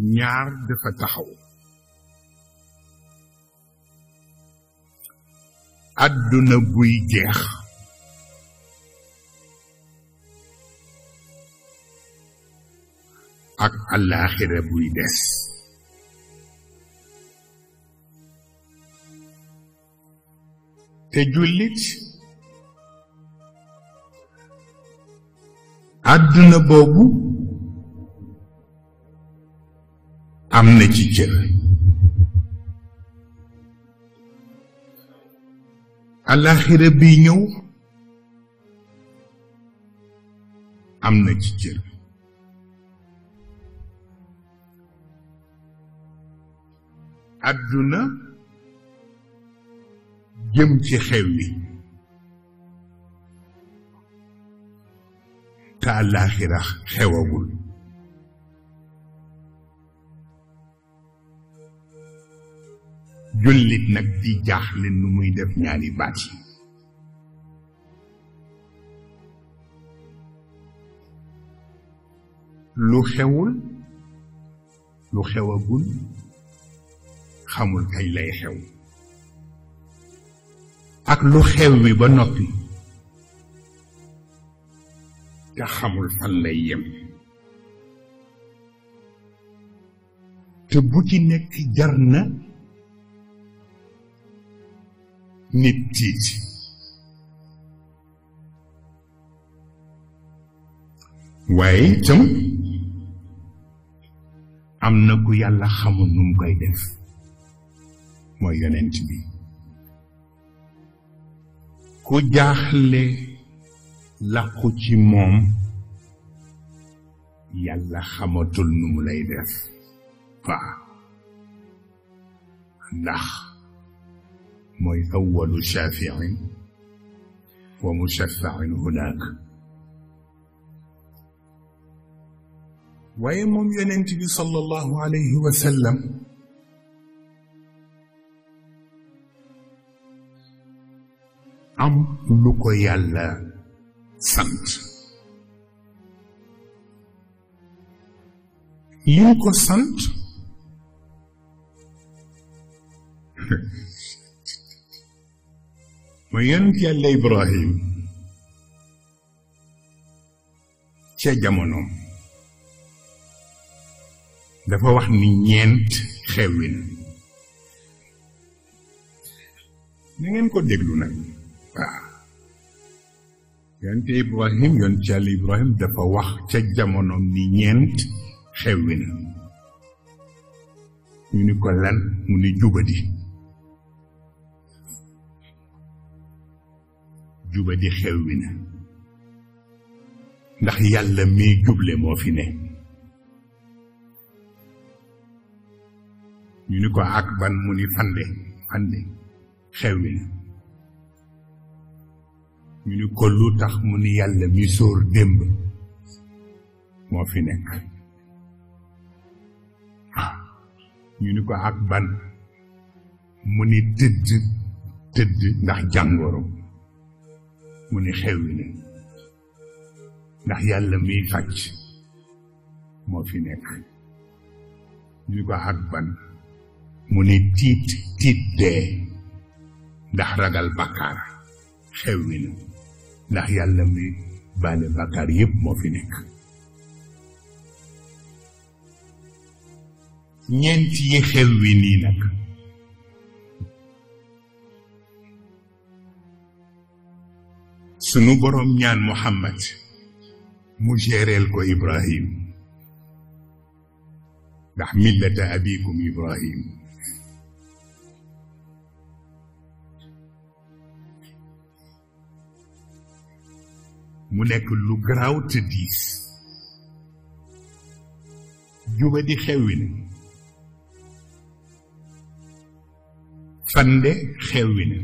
ñaar dafa taxaw àdduna buy jeex ak àllaaxira buy des te jullit àdduna boobu am na ci cër alaxira bi ñëw am na ci cër àdduna jëm ci xew wi te alaxira xewagul jullit nak di jaxle nu muy def ñaari baat yi lu xewul lu xewagul xamul kay lay xew ak lu xew wi ba noppi te xamul fan lay yem te bu ci nekk jar na nit tiit waaye itam am na ku yàlla xamul num koy def mooy yonent bi ku jaaxle làqu ci moom yàlla xamatul nu mu lay def waaw ndax من أول شافع ومشفع هناك ويمم ينتبي صلى الله عليه وسلم أم لك يلا سمت لنك سمت mooy yonent yàlla Ibrahim ca jamonoom dafa wax ni ñeent xewwi na na ngeen ko déglu nag waaw yonent Ibrahim yonent yàlla Ibrahim dafa wax ca jamonoom ni ñeent xewwi na ñu ni ko lan mu ni jubadi juba di xewwi na ndax yàlla mii juble moo fi ne ñu ni ko ak ban mu ni fande fande xewwi ñu ni ko lu tax mu ni yàlla mi sóor démb moo fi nekk ñu ni ko ak ban mu ni tëdd tëdd ndax jàngoro mu ni xewwi na ndax yàlla miy fàcc moo fi nekk ñu ko ak ban mu ni tiit tiit dee ndax ragal bàkkaar xewwi na ndax yàlla mi baale bàkkaar yépp moo fi nekk ñeent yi xewwi nii nag sunu borom ñaan muhammad mu géreel ko ibrahim ndax millata abikum ibrahim mu nekk lu garaaw te diis juba di xewwi na fande xewwi na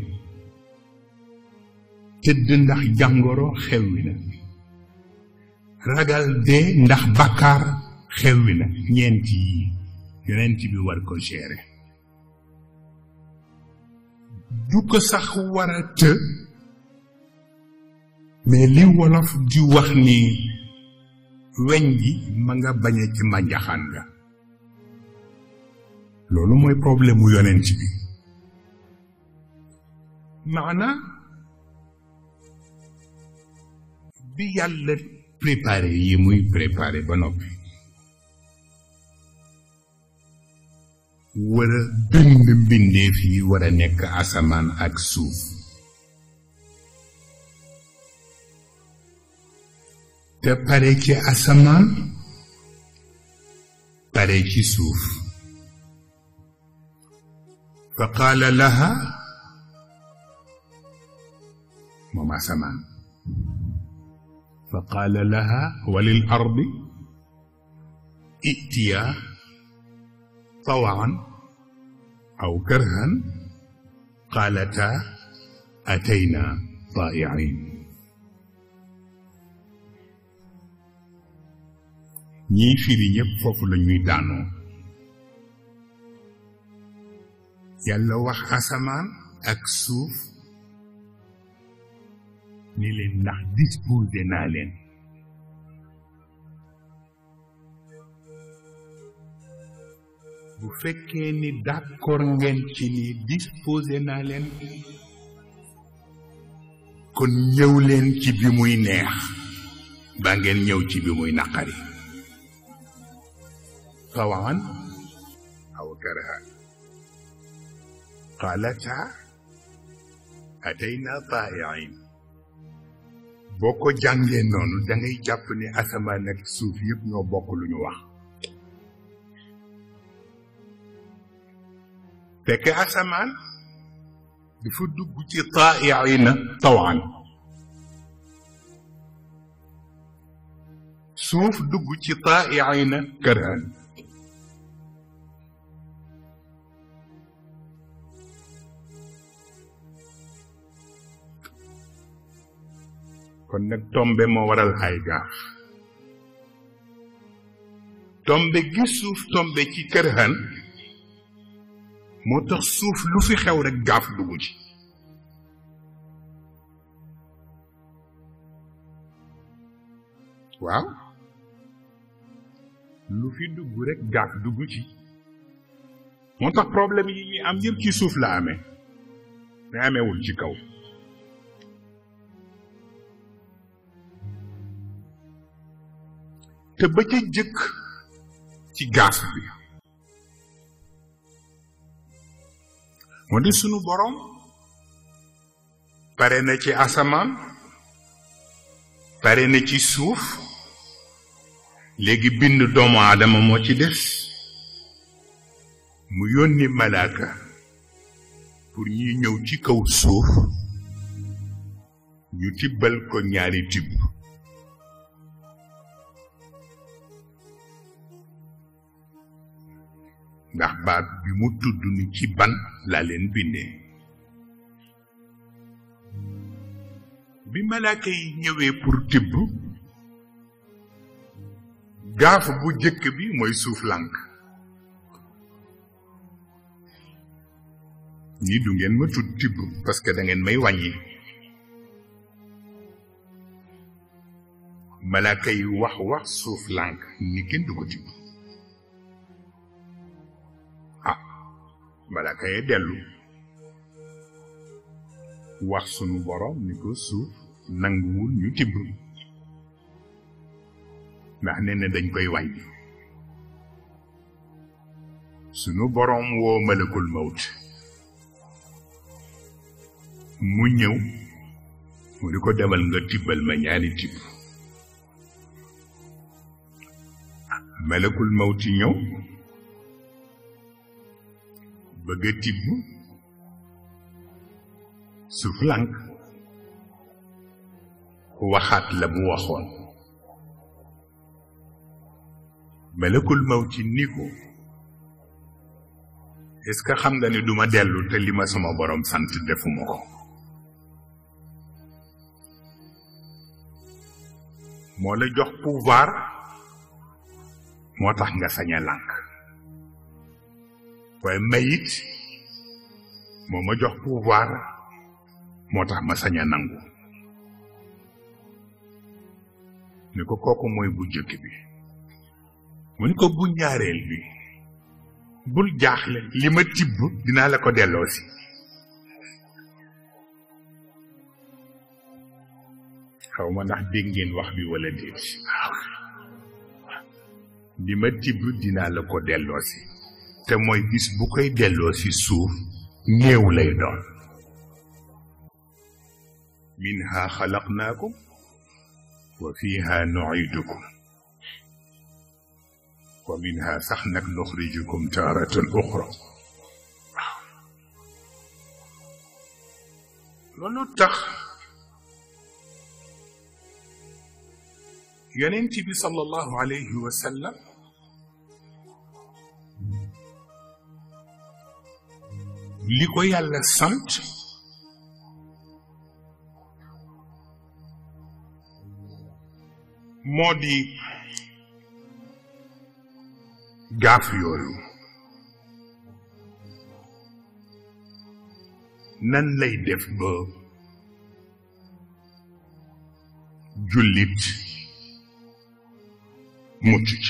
tëdd ndax jàngoro xewwi na ragal dee ndax bàkkaar xewwi na ñeent yi yonent bi war ko gérer du ko sax war a të mais li wolof di wax ni weñ gi ma nga bañe ci mànjaxaan nga loolu mooy problème mu yonent bi maana bi yàlla préparé yi muy préparé ba noppi war a bind mbindeef yi war a nekk asamaan ak suuf te pare ci asamaan pare ci suuf fa qaala laha moom asamaan فقال لها وللأرض ائتيا طوعا أو كرها قالتا أتينا طائعين ñii firi ñëpp foofu la ñuy daanoo yàlla wax asamaan ak suuf ni leen leen bu fekkee ni d'accord ngeen ci ni disposé naa leen kon ñëw leen ci bi muy neex ba ngeen ñëw ci bi muy naqari tawan aw karahan qalata atayna taa'iin boo ko jàngee noonu dangay jàpp ni asamaan ak suuf yëpp ñoo bokk lu ñu wax fekk asamaan dafa dugg ci taa'iina tawaan suuf dugg ci taa'iina karhan kon nag tombe moo waral ay gaaf tombe gi suuf tombe ci kërhan moo tax suuf lu fi xew rekk gaaf dugg ci waaw lu fi dugg rekk gaaf dugg ci moo tax problème yi ñuy am yëpp ci suuf la ame mais ameewul ci kaw te ba ca jëkk ci gaas bi moo di sunu boroom pare na ci asamaan pare na ci suuf léegi bind doomu aadama moo ci des mu yónni malaaka pour ñuy ñëw ci kaw suuf ñu tibbal ko ñaari tibb ndax baat bi mu tudd ni ci ban laa leen bindee bi malaaka yi ñëwee pour tibb gaaf bu jëkk bi mooy suuf lànk ñii du ngeen ma tudd tibb parce que da ngeen may wàññi malaaka yi wax wax suuf lànk ni kenn du ko tibb malaaka yi dellu wax sunu borom ni ko suuf nanguwul ñu tibb ndax nee dañ koy wàññi sunu borom woo malakul mawt mu ñëw mu di ko demal nga tibbal ma ñaari tibb malakul mawti ñëw bëgg a suuf lànk waxaat la mu waxoon melekul ci ni ko est-ce que xam nga ni duma dellu te lima sama borom sant defuma ko moo la jox pouvoir moo tax nga sañ lànk waaye mayit moo ma jox pouvoir moo tax ma saña a nangu ni ko kooku mooy bu jëkk bi mu ni ko bu ñaareel bi bul jaaxle li ma tibb dinaa la ko delloo si xaw ma ndax dégg ngeen wax bi wala déet li ma tibb dinaa la ko delloo te mooy bis bu koy delloo si suuf néew lay doon minha xalaqnaakum wa fiha nuidukum wa minha sax nag nuxrijukum taaratan uxra waaw loolu tax yonent bi sallallahu alayhi wa sallam li ko yàlla sant moo di gaaf yooyu nan lay def ba jullit mucc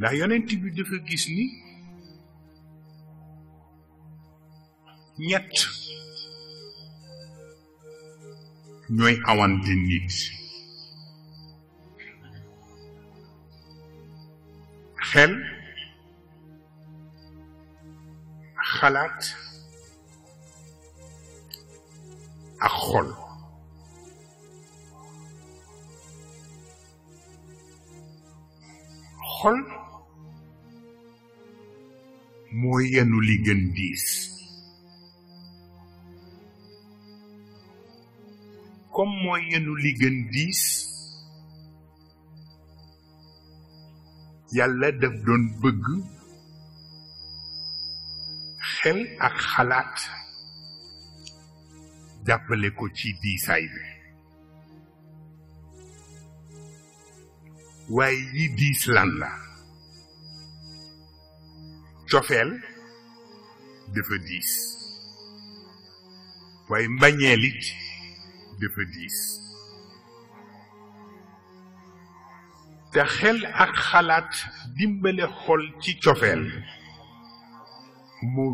ndax yonent bi dafa gis ni ñett ñooy awan di nit xel xalaat ak xol xol moo yenu li gën diis comme moo yenu li gën diis yàlla def doon bëgg xel ak xalaat jàppale ko ci diisaay bi waaye yi diis lan la cofeel defa 10 way mbagnelit defa deux te xel ak xalaat dimbale xol ci cofeel moo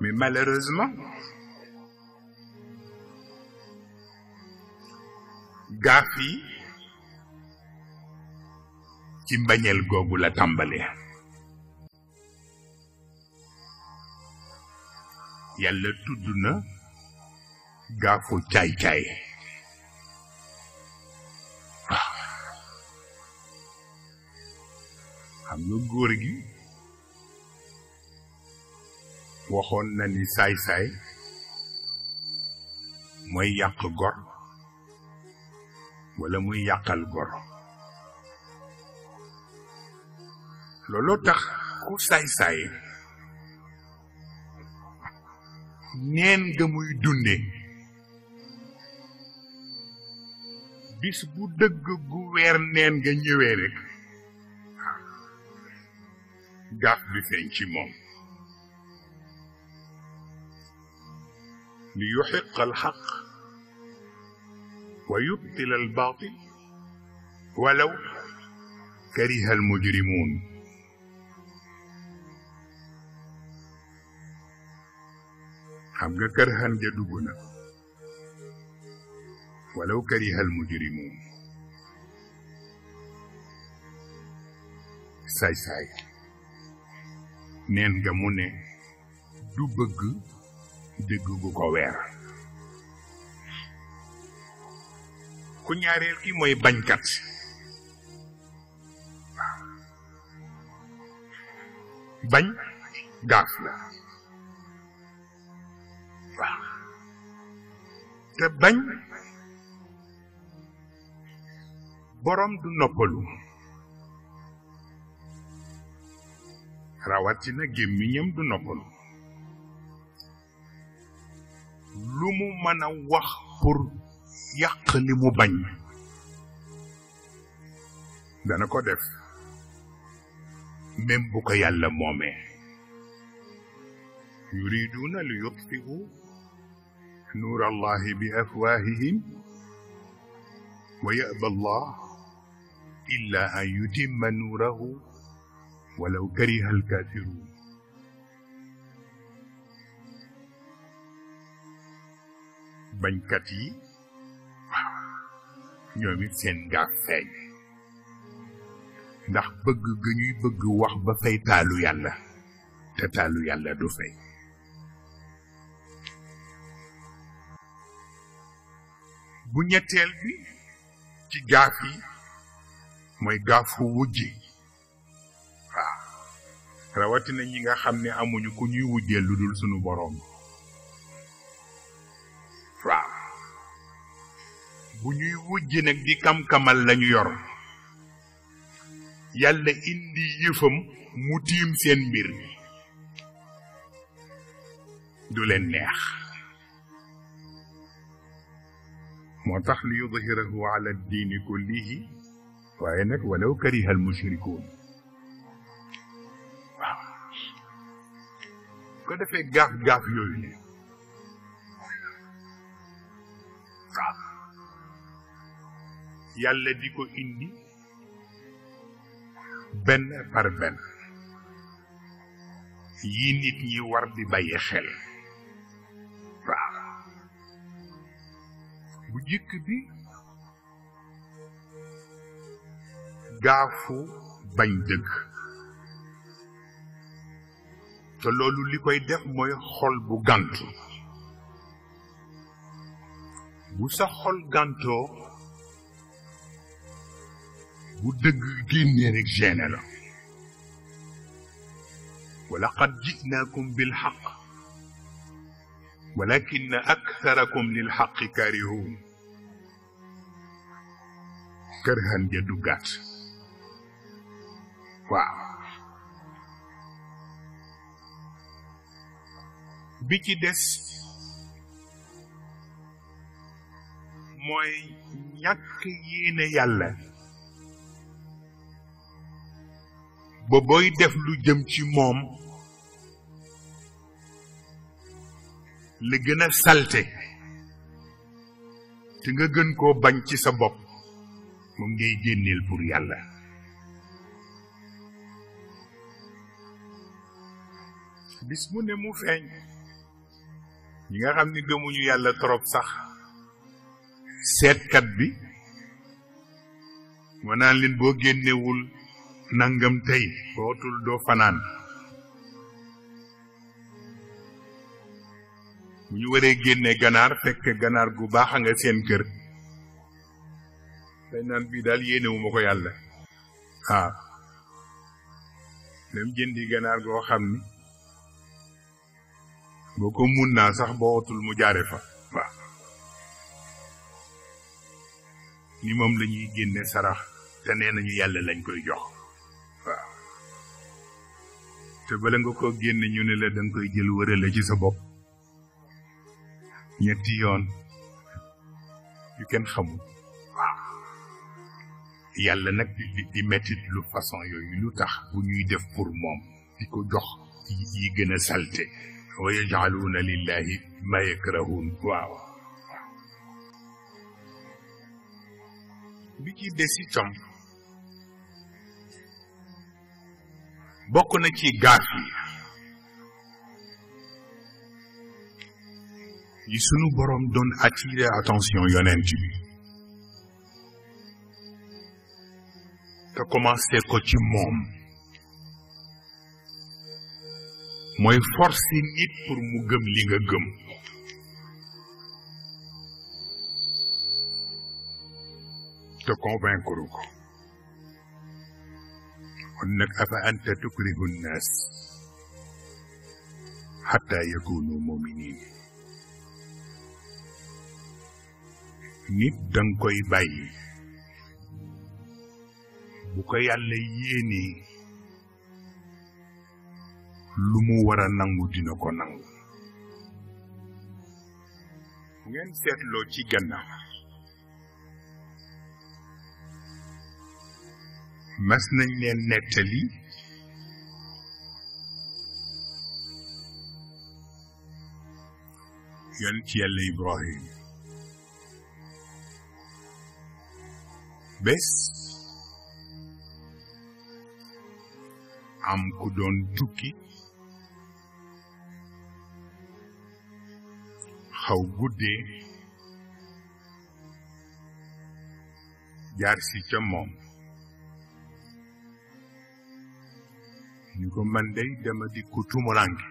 mais malheureusement gaaf yi ci mbañeel googu la tàmbalee yàlla tudd na gaafu caay-caay waaw xam góor gi waxoon na ni saay-saay mooy yàq gor wala muy yàqal gor looloo tax ku saay-saay neen nga muy dunde bis bu dëgg gu weer neen nga ñëwee rek gaaf bi feeñ ci moom li yuxiq al xaq ويبطل الباطل ولو كره المجرمون xam nga kër xan ja dugg na walaw kariha almujrimun saay-saay neen nga mu ne du bëgg dëgg gu ko weer ku ñaareel ki mooy kat bañ gaf la waaw te bañ borom du noppalu rawatina gémmiñam du noppalu lumu mana wax pour yàq li mu bañ dana ko def même bu ko yàlla moomee yuriduna li yutfiu nuur allahi bi afwahihim wa yaba allah illa an yutimma nuurahu walaw kariha alkafirun bañkat yi ñoom it seen ngaar feeñ ndax bëgg ga ñuy bëgg wax ba fay taalu yàlla te taalu yàlla du fay bu ñetteel bi ci gaaf yi mooy gaafu wujji waaw rawatina ñi nga xam ne amuñu ku ñuy wujjee lu dul sunu boroom bu ñuy wujj nag di kam-kamal lañu yor yàlla indi yëfam mu tiim seen mbir du leen neex moo tax li yudhirahu ala diini kullihi waaye nag walaw kariha al mushrikuun waaw ko defee gaaf gaaf yooyu ne yàlla di ko indi benn par benn yi nit ñi war di bàyyi xel bu jëkk bi gaafu bañ dëgg te loolu li koy def mooy xol bu gàntu bu sa xol gàntoo ودق جنينك جنلا ولقد جئناكم بالحق ولكن أكثركم للحق كارهون كرها جدوغات وا بيتي ديس موي نياك يينا يالا ba booy def lu jëm ci moom li gën a salte te nga gën koo bañ ci sa bopp mu ngay génneel pour yàlla bis mu ne mu feeñ ñi nga xam ni gëmuñu yàlla trop sax seetkat bi ma naan leen boo génnewul nangam tey xootul doo fanaan bu ñu waree génne ganaar fekk ganaar gu baax a nga seen kër dañ naan bii daal yéenewu ko yàlla waaw dem jëndi ganaar goo xam ni boo ko mun naa sax boo watul mu jaare fa waaw ni moom la ñuy génne sarax te nee ñu yàlla lañ koy jox te bala nga ko génne ñu ne la danga koy jël wërale ci sa bopp ñetti yoon yu kenn xamul waaw yàlla nag di di mettit lu façon yooyu lu tax bu ñuy def pour moom di ko jox yi gën a salte wa yajaluuna lillahi ma yakrahuun waaw bi ci des bokk na ci gaaf yi sunu boroom don attirer attention yonent bi te commencé ko ci moom mooy forcer nit pour mu gëm li nga gëm te convaincre kon nag afa anta tukrihu nnaas xatta yakunu muminin nit danga koy bàyyi bu ko yàlla yéenee lu mu war a nangu dina ko nangu bu ngeen seetloo ci gannaaw mas na leen nettali yoon ci yàlla Ibrahim bés am ku doon tukki xaw guddee jaar si ca moom ni ko man day dama di ku tumuranke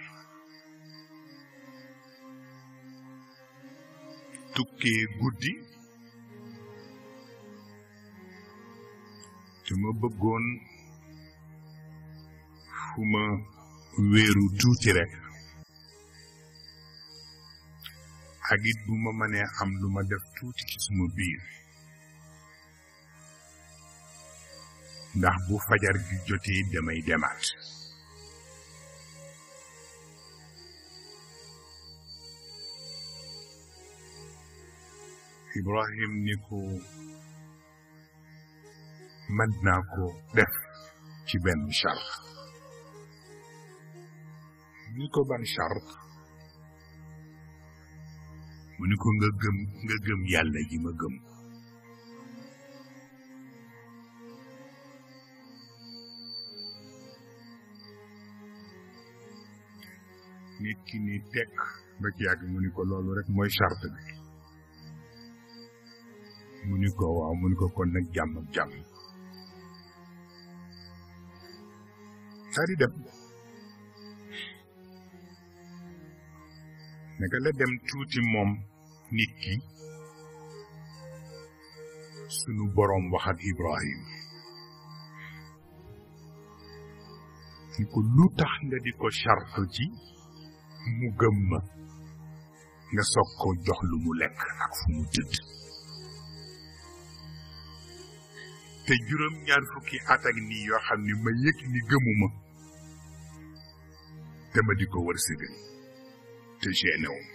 tukkee guddi te ma bëggoon fu ma wéeru rek ak it bu ma mënee am lu ma def tuuti ci suma biir ndax bu fajar gi jotee damay demaat ibrahim ni ko naa ko def ci benn charte ni ko ban charte mu nga gëm nga gëm ma gëm nit ki ni tekk ba ci yàgg rek mooy charte bi mu ni ko waaw mu ni ko kon nag jàmm ak jàmm saa di dem naka la dem tuuti moom nit ki sunu boroom wax ak Ibrahim ni ko lu tax nga di ko chartal ci mu gëm nga soog ko jox lu mu lekk ak fu mu tëdd te juróom ñaar fukki at ak nii yoo xam ni ma yëg ni gëmuma te ma di ko te génewum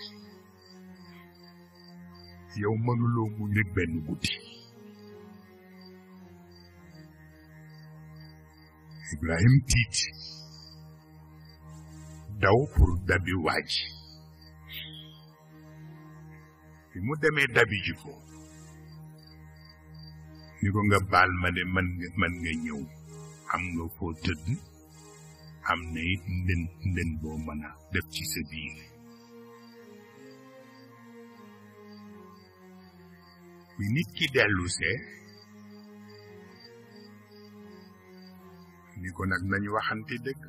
yow mënuloo mu nit benn guddi Ibrahim tiit daw pour dabi waaj bi mu demee dabi ji ni ko nga baal ma de mën nga mën nga am nga foo tëdd am na it ndën ndën boo mën def ci sa biir bi nit ki dellusee ni ko nag nañu waxante dëgg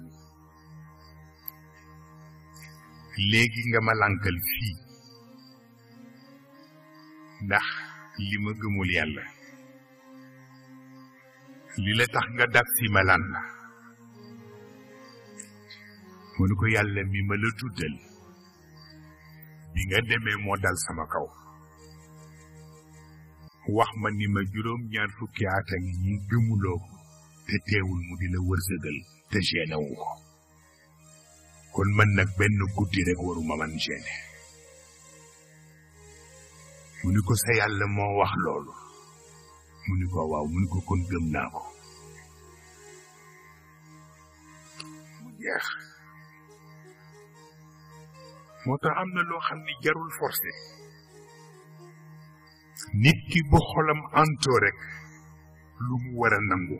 léegi nga ma lànkal fii ndax li ma gëmul yàlla li la tax nga dab si ma lan la ko yàlla mi ma la tuddal bi nga demee moo dal sama kaw wax ma ni ma juróom-ñaar fukki at ak ñi gëmuloo ko te teewul mu di la wërsëgal te gêné wu ko kon man nag benn guddi rek waruma man gêné mu ko sa yàlla moo wax loolu mu ni ko waaw mu ni ko kon gëm naa ko mu jeex moo tax am na loo xam ni jarul forcé nit ki bu xolam antoo rek lu mu war a nangu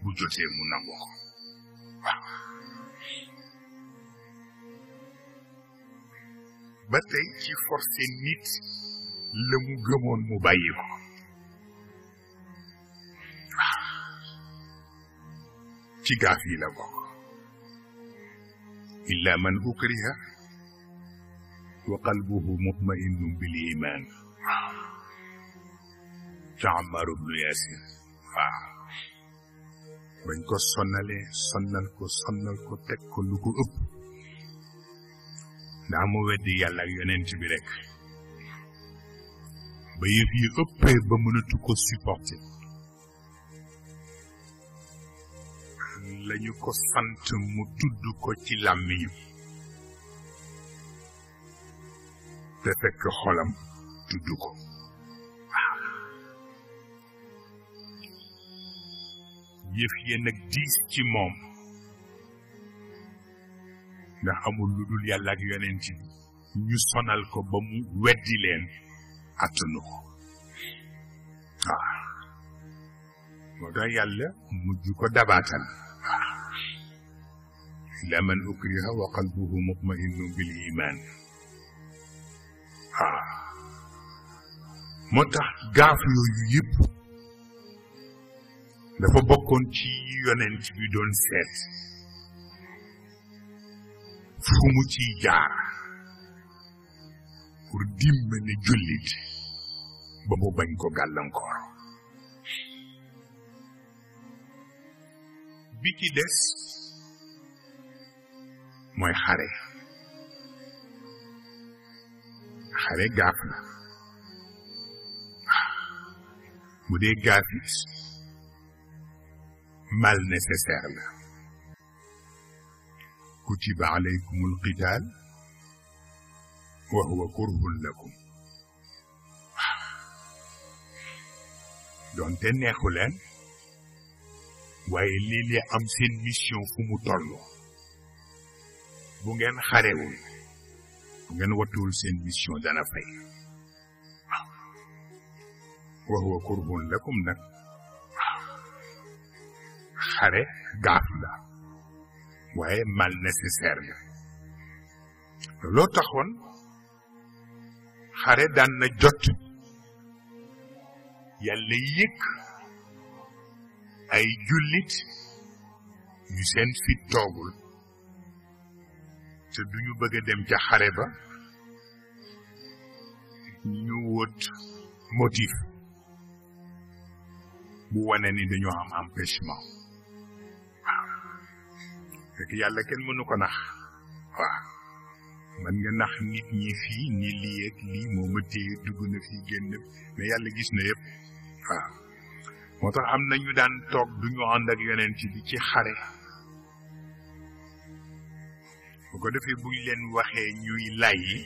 bu jotee mu nangu ko waaw ba tey ci forcé nit la mu gëmoon mu bàyyi ko ci gaaf yi la bokk illa man ukriha wa qalbuhu mutmainnun bil iman waaw ca Ammar ibnu Yasir waaw bañ ko sonnalee sonnal ko sonnal ko teg ko lu ko ëpp ndax weddi yàlla ak yonent bi ba yëf yi ëppee ba mënatu ko supporter lañu ko sant mu tudd ko ci làmmiñu te fekk xolam tudd ko yëf ye nag diis ci moom ndax amul lu dul yàlla ak yonent ñu sonal ko ba mu weddi leen attanu ko waaw moo tax yàlla mujj ko dabaatal ila man ukriha wa qalbuhu mutma'innun bil iman moo tax gaaf yooyu yëpp dafa bokkoon ci yonent bi doon seet fu mu ciy jaar pour dimbali jullit ba mu bañ ko gàllankoor bi ci des mooy xare xare gaaf la bu dee gaaf yi mal nécessaire la kutiba alaykum alqital wa huwa kurhun lakum donte neexu leen waaye lii li am seen mission fu mu tolloo bu ngeen xarewul bu ngeen watul seen mission dana fay wa huwa kurhun lakum nak xare gaaf la waaye mal nécessaire la loo taxoon xare daan na jot yàlla yëkk ay jullit yu seen fit toogul te du ñu bëgg a dem ca xare ba ñu wut motif bu wane ni dañoo am empêchement waaw fekk yàlla kenn mënu ko nax waaw mën nga nax nit ñi fii ni lii ak lii moo ma téye dugg na fii génn mais yàlla gis na yëpp waaw moo tax am na ñu daan toog du ñu ànd ak yonent ci xare bu ko defee buñ leen waxee ñuy layyi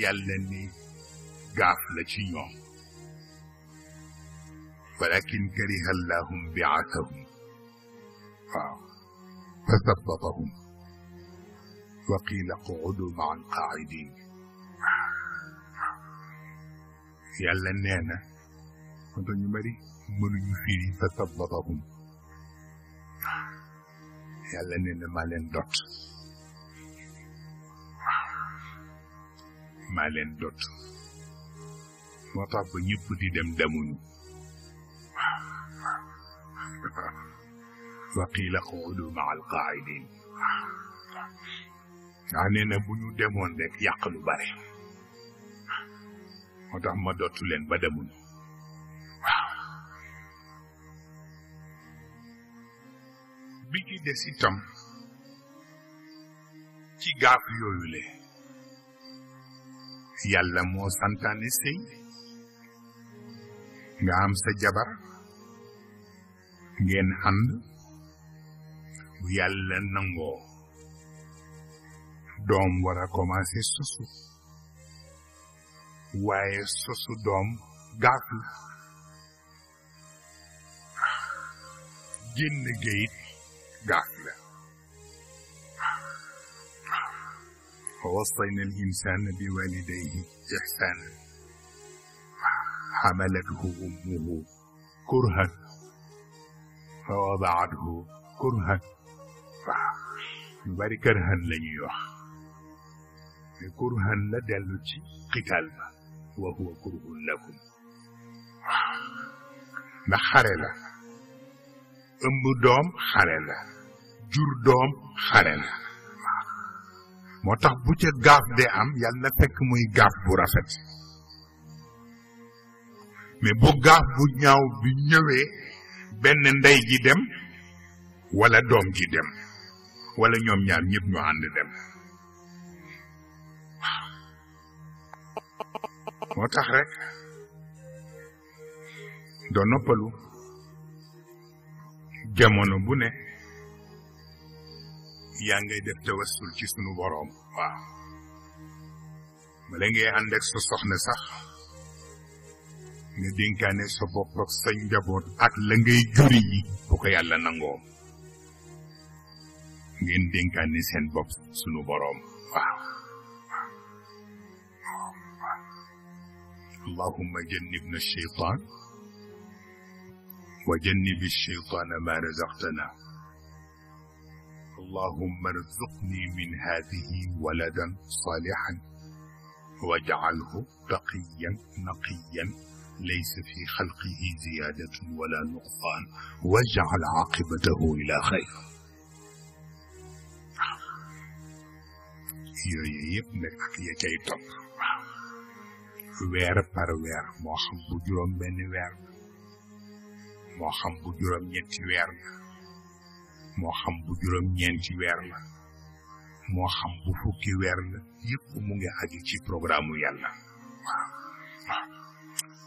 yàlla ni gaaf la ci ñoom walakin kariha allahum bi'athahum waaw fasabbatahum wa qila qudu ma'a alqa'idin yàlla nee na ñu bari mënuñu firi fasabbatahum yàlla nee na maa leen dot maa leen dot moo tax ba ñëpp di dem demuñu wa qiila quudu ma alqaidin ndax nee na bu ñu demoon rek yàq bare moo tax ma dottu leen ba demuñu bi ci des ci gaaf yooyu le yàlla moo santaane sëy nga am sa jabar ngeen ànd bu yàlla nangoo doom war commencé sosu waaye sosu doom gaaf la génn جعل ووصينا الإنسان بوالديه إحسانا حملته أمه كرها فوضعته كرها يبارك فبركرها ليح كرها لدى اللجي قتال وهو كره لكم محرلة له ëmb doom xare la jur doom xare la moo tax bu ca gaaf de am yàlla na fekk muy gaaf bu rafet mais bu gaaf bu ñaaw bu ñëwee benn ndey gi dem wala doom ji dem wala ñoom ñaar ñëpp ñu ànd dem moo tax rek doo noppalu jamono bu ne yaa ngay def tawassul ci sunu boroom waaw bala ngay ànd ak sa sax nga dénkaane sa bopp sa njaboot ak la ngay juri yi yàlla nangoo ngeen dénkaane seen bopp sunu boroom waaw allahumma jannibna shaytaan وجنب الشيطان ما رزقتنا اللهم ارزقني من هذه ولدا صالحا واجعله تقيا نقيا ليس في خلقه زيادة ولا نقصان واجعل عاقبته إلى خير ويرى ويرى ويرى ويرى ya cay moo xam bu juróom-ñeenti weer la moo xam bu juróom-ñeenti weer la moo xam bu fukki weer la yëpp mu ngi aju ci programme yàlla waaw waaw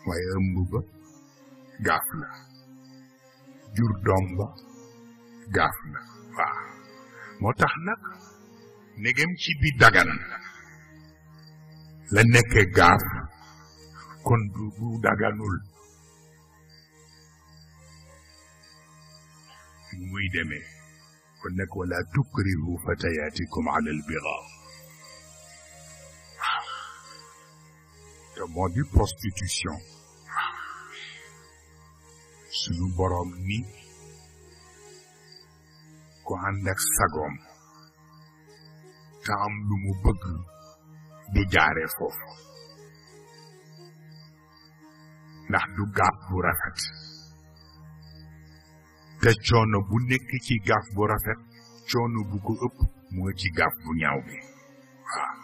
waaye ëmb gaaf la jur doom ba gaaf la waaw moo tax nag negem ci bi dagan la nekke gaaf kon du daganul ويدمه انك ولا تكرهوا فتياتكم على البغاء كما دي بروستيتيشن سنو بروم ني كو عندك ساغوم تام لو مو بغ دي فوف نحن دو غاب te coono bu nekk ci gaaf bu rafet coono bu ko ëpp moo ci gaaf bu ñaw bi waaw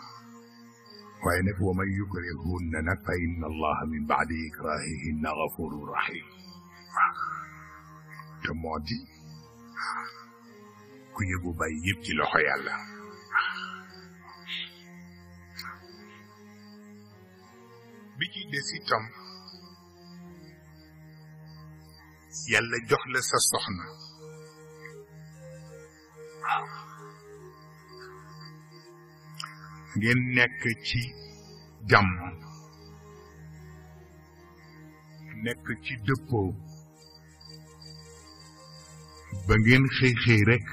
waaye nag wa man yukrihunna nag fa inna allaha min baadi ikrahihinna gafuru rahim te moo di ku yëgu bàyyi ci loxo yàlla bi ci des itam yàlla jox sa soxna waaw ngeen nekk ci jàmm nekk ci dëppoo ba ngeen xëy xëy rekk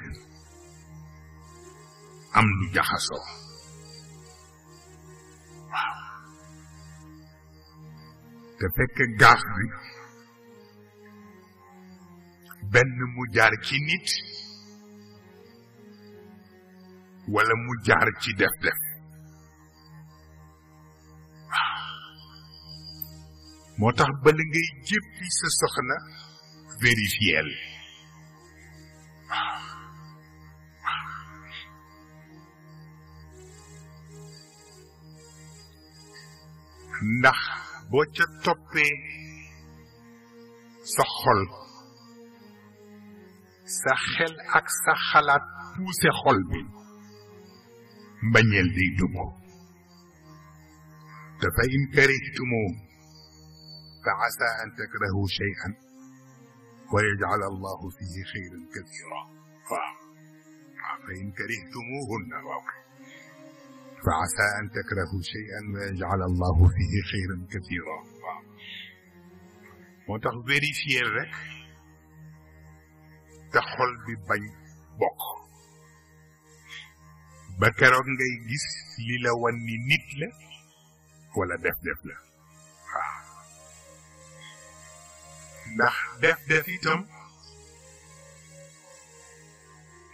am lu jaxasoo waaw gaaf bi benn mu jaar ci nit wala mu jaar ci def-def moo tax bala ngay jéppi sa soxna vérifiel ndax boo ca toppee sa xol sa xel ak sa xalaat poussé xol bi mbañeel day dumoo te fa in karihtumoo fa asa an takrahu cheyan wa yajcal allahu fihi xayran kathira waaw waaw fa in karihtumuhunna waaw fa asa an takrahu cheyan wa yajcal allahu fihi xayran kathira waaw moo tax vérifier rek te xol bi bañ bokk ba keroog ngay gis li ni nit la walla def-def la ndax def-def itam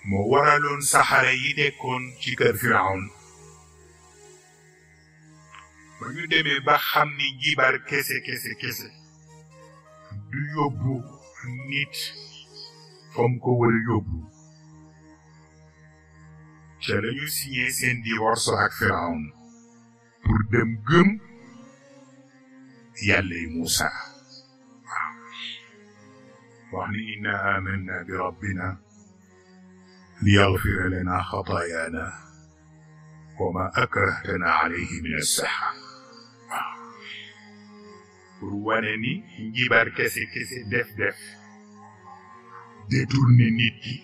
moo waraloon saxare yi nekkoon ci kër Firawun ba ñu demee ba xam ni jibar kese kese kese du yóbbu nit Fomko Kowole yóbbu ca la ñu signé seen divorce ak Firawn pour dem gëm yàlla yi Moussa waaw wax ni inna amanna bi rabbina liyaghfira lana xataayana wa ma akrahtana alayhi min assaha waaw pour wane ni njibar kese kese def def détourné nit yi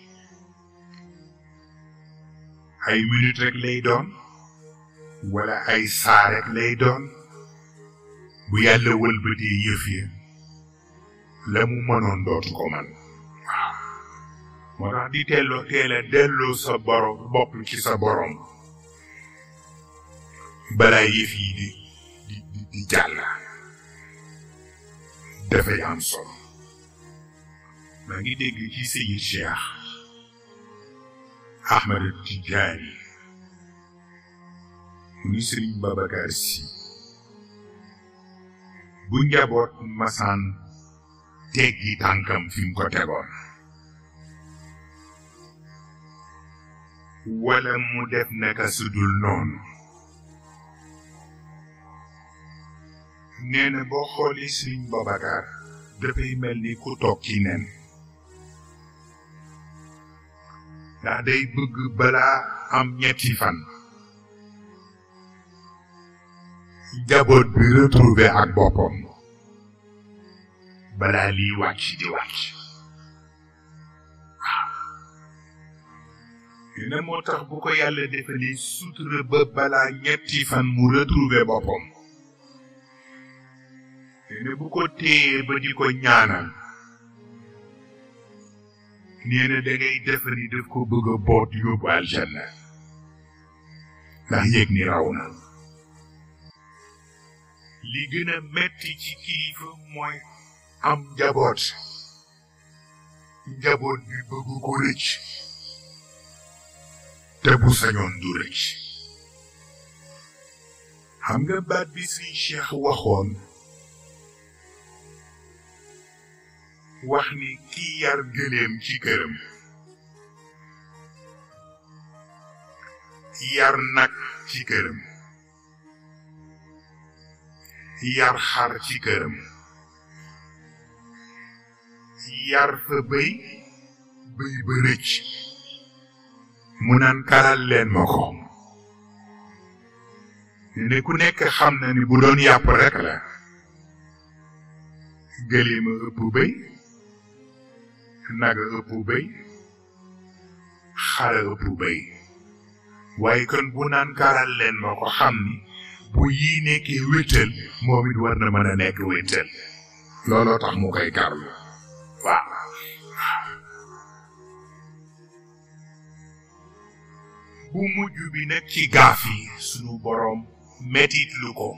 ay minute rek lay doon wala ay saa rek lay doon bu yàlla wëlbatee yëf ya la mu mënoon dootu ko man moo tax di telloo teel a delloo sa borom bopp ci sa borom balaa yëf yi di di di jàll dafay am solo maa ngi dégg ci Seydi Cheikh Ahmed Tidiane muy Sëriñ Babacar Sy bu njaboot masaan teggi tànkam fi mu ko tegoon wala mu def naka sudul noonu nee na boo xoolee Sëriñ Babacar dafay mel ni ku toog ci nen ndax day bëgg balaa am ñetti fan njaboot bi retrouvé ak boppam balaa liy wàcc di wàcc waaw moo tax bu ko yàlla defalee sutura ba balaa ñetti fan mu retrouvé boppam dina bu ko téye ba di ko ñaanal nee na da ngay defe ni daf ko bëgg boot yóbbu aljanna ndax yéeg ni raw na li gën metti ci kilifa mooy am njaboot njaboot bi bëgg ko rëcc te bu sañoon du rëcc xam nga baat bi suñ cheikh waxoon wax ni kii yar gëléem ci këram yar nag ci këram yar xar ci këram yar fa bëy bëy ba rëcc mu naan karal leen ma ko ne ku nekk xam na ni bu doon yàpp rek la gëléem a ëpp bëy nag a ëpp bëy xar ëpp bëy waaye kon bu naan kaaral leen ma ko xam ni bu yii nekkee wéttal moom it war na mën a nekk wéttal looloo tax mu koy karlu waaw bu mujj bi nekk ci gaaf yi sunu boroom metit lu ko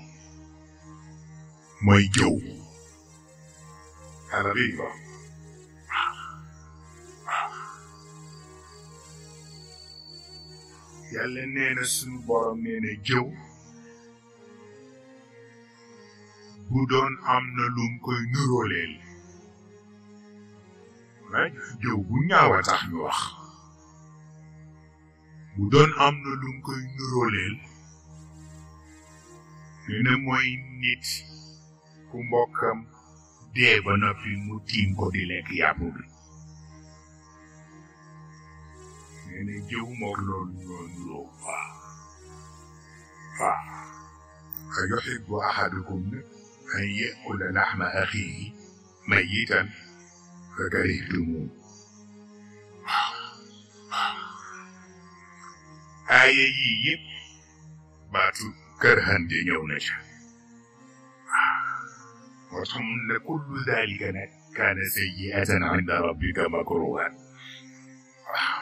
mooy jëw yàlla nee na suñu borom nee na jëw bu doon am na lum koy nuróoleel rek jëw bu ñaaw a tax ñu wax bu doon am na lum koy nuróoleel nee na mooy nit ku mbokkam dee ba noppi mu tiim ko di lekk yàpp bi نجوم أحدكم أن يأكل لحم أخيه ميتا فكرهتموه أي يي باتو كرها دينيو na ca كل ذلك كان سيئة عند ربك مكروها